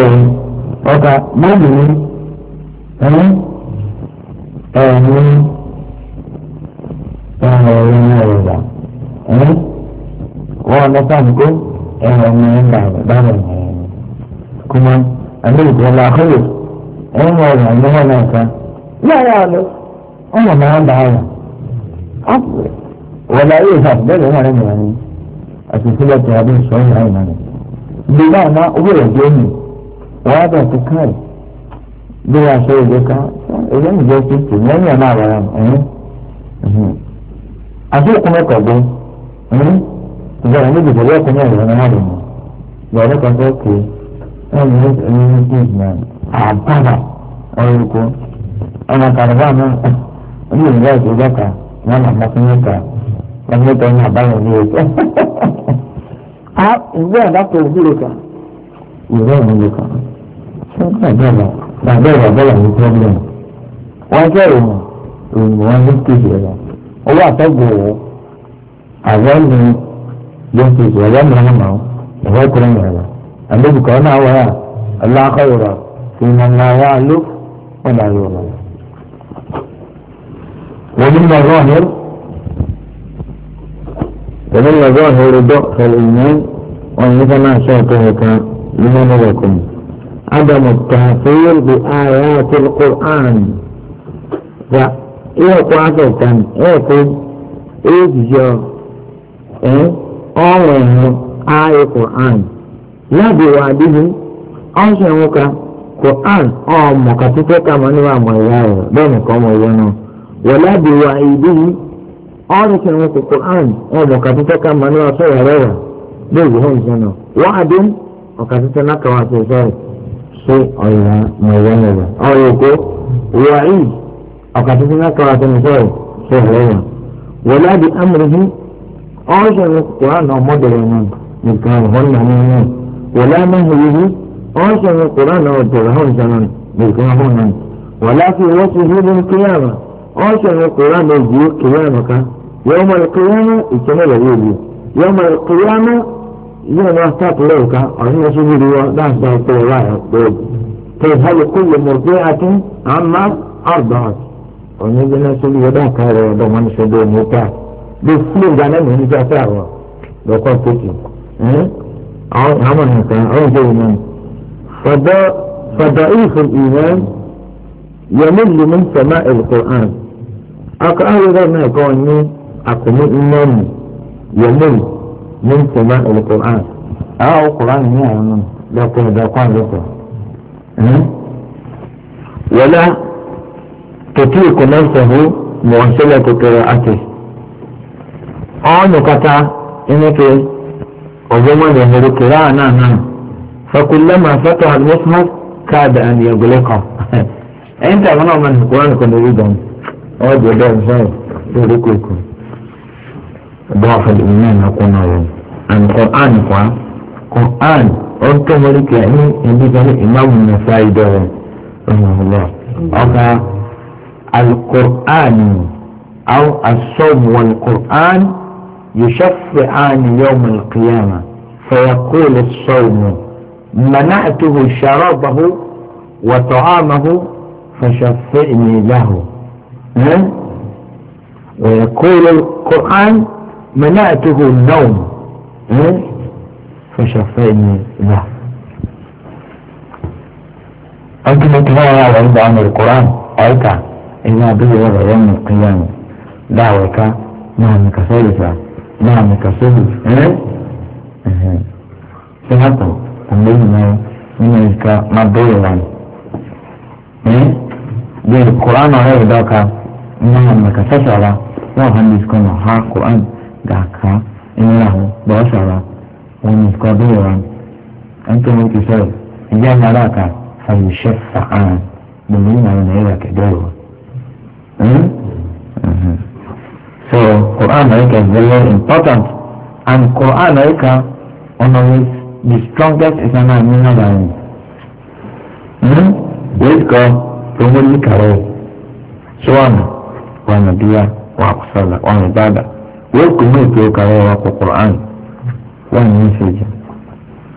ẹ̀rù ọkà mọ́ọ̀lù ni ẹ̀rù ẹ̀rù ẹ̀rù ní ẹ̀rùbà ẹ̀rù wọ́n lọ sáàmùkó ẹ̀rù ní ẹ̀rùbà bàbá ẹ̀rù kùmọ̀ àlejò ọ̀la àkọ́yọ̀ ẹ̀rù ọ̀rọ̀ àlọ́wọ́ náà ká láyà lọ ọmọ náà bá ọ̀rọ̀ wọ́n láyé ìfàbẹ́lẹ̀ wọn rẹ̀ mọ̀ ní àti ìfúnlẹ̀ tó abẹ́ sọ́yìn àìmọ̀ ní. ìgbéga náà owó rẹ̀ jẹ́ ènìyàn wàá bẹ̀ ti káì bí wàá ṣe ìgbé ká èyí ń jẹ́ títì lẹ́yìn ẹ̀ náà wàrà ẹ̀yìn àti ìkúnmọ́ kọ̀gbọ́n ìjọba níbi ìjọba ọkùnrin ẹ̀rọ náà rẹ̀ mọ́ ìjọba kan tó ké ẹ̀yìn ní ẹ̀yìn ní ìgbà àbára ọ̀rọ̀kọ ọ̀nà kàrọ̀bá náà ní ìgbà ìjọba kan náà nà mọ́ fún mẹ́ta ẹ̀ mẹ́ta ní àbáyọ̀ ní ẹ̀jẹ̀. ìgbà ìdákọ̀ òbí rẹ̀ kan ìgbà ìmúlẹ̀ kan bàbá ẹ̀ bàbá ẹ̀ ní pọ́blẹ̀mù wọ́n jẹ́ ìròyìn ìròyìn wọn ní kejì rẹ̀ owó àtọ́gbò wò àwọ̀ ní yẹ́nkejì ọ̀yá mìíràn náà ìwọ́ ìkúrẹ́ mìíràn àlébùkọ́ náà wọ̀ yà ọlọ́kọ̀yọ̀rọ̀ fi mọ̀ náà wà ló wọn náà yọ̀ rọ̀ wọ́n ní mọ̀ rọ̀ wọ́n ní mọ̀ rọ̀ hẹ́rù dọ́ عدم التأثير بآيات القرآن وإيكو عدوكا إيكو إيجيو إيه أوله آية القرآن لا بوعده أوشنوكا قرآن أو مكتفكا من وما يرى بينكم وينا ولا بوعيده أوشنوكا قرآن أو مكتفكا من وما يرى بينهم وعد وكتفكا كما تزال ṣé ọ̀yà mọ̀wọ́ mọ̀wọ́ ọ̀yà òkú wọ́n yìí ọ̀kàtí fún akọ̀rọ̀ àtẹnu sọ̀rọ̀ ṣe ọ̀rẹ́yà wọ́n láti amúre fún ọ̀ṣọ́ ní kùránù ọmọdéwọ̀n náà nìkan ọ̀hún náà ní wọn wọ́n láti mọ̀wọ́ yìí ọ̀ṣọ́ ní kùránù ọ̀dọ̀rọ̀hún sọ̀rọ̀ nìkan ọ̀hún náà wọ́n láti wọ́sí hídùn kíyàmà ọ̀ṣọ́ ní kùránù ìjì kíyàmà kan yọ̀ọ́mọ̀ kíyàmà ìtẹ́mẹ̀lẹ̀ yíyan náà sáàpù lẹ́yìn ká ọ̀rọ̀ yẹn sóbi rí wọn dáhùn sáà pé wà á pé pé ìhàlù kó lè mọ̀ pé àti àmà ọ̀dọ̀ ọ̀nà ìgbẹ́ náà sóbi rí ọ̀dọ̀ àká rẹ̀ ọ̀dọ̀ wọn ṣe bí omi ká bí fúlù gánà mi níjà sí àwọn lọ́kọ́ kéèkì àwọn nìkan ọ̀rọ̀ ìjọ ìmọ̀ fọ̀dọ̀ fọ̀dọ̀ ìmọ̀ yẹmí lùmí sọ̀mà ìlùkọ̀án akọ̀ àwọn ìrọ̀ náà kọ́ ní من سماع القرآن أو القرآن هي أنه لا يكون ذا قرآن ذكر ولا تطيق نفسه مواصلة قراءته أعنو كتا إنك وجمع يهر قراءة نعم فكلما فتح المصحف كاد أن يغلقه أنت أغنى من القرآن كنت يريدهم أود يدعو صحيح يريكوكم ضعف الإيمان يقول أن عن القرآن قرآن قرآن أنت ملك يعني عندي قال إمام النسائي ده رحمه الله أو القرآن أو الصوم والقرآن يشفعان يوم القيامة فيقول الصوم منعته شرابه وطعامه فشفعني له ها؟ ويقول القرآن منعته النوم إيه؟ فشفيني له أنت متفاعل عند عن القرآن أيضا إلا به وضع يوم القيامة دعوك نعم ثالثة نعم سهل سنطل تنبيه من يلك مبيلا إيه؟ بالقرآن عليه ذاك نعمك تسعر وهم يسكن حق القرآن kàkà ńlá wọn bọ́ sọ̀rọ̀ wọn ní kọ́ bí wọn ẹ̀ńtọ́ wọn ti sọ̀rọ̀ ìyá mara kà àyùṣẹ́ fàán lòun ní àwọn náírà kẹ̀dẹ́ wọn. so Quran America is very important and Quran America honours the strongest Islamic mineral value. Wait God promote the career. So on, one idea, one salah, one ibadah wọ́n kò ní ìpè ọkàrọ̀ ọ̀rọ̀ Quran wọ́n ní ìṣèjì.